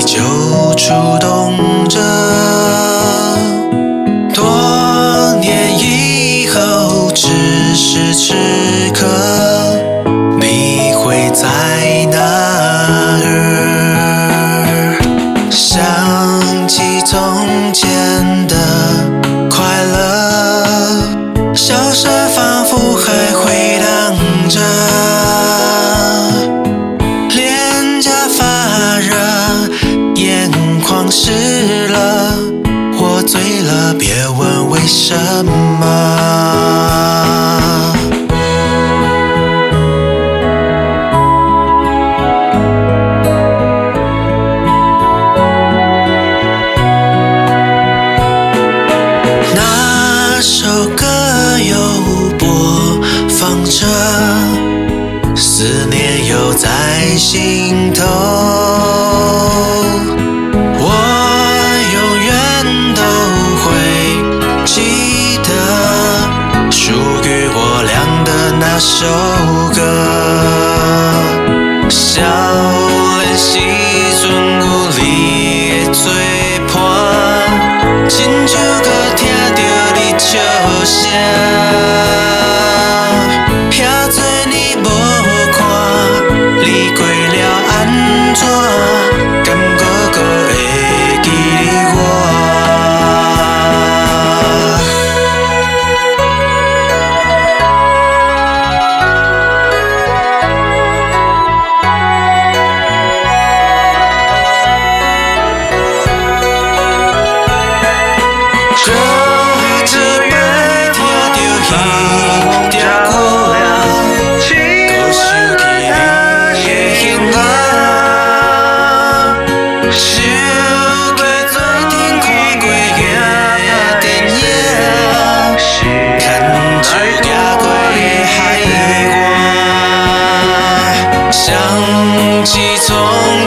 你就觸動。濕了，我醉了，別問為什麼。那首歌又播放着，思念又在心。首歌，少年時陣有你的做伴，親像擱聽到你笑聲。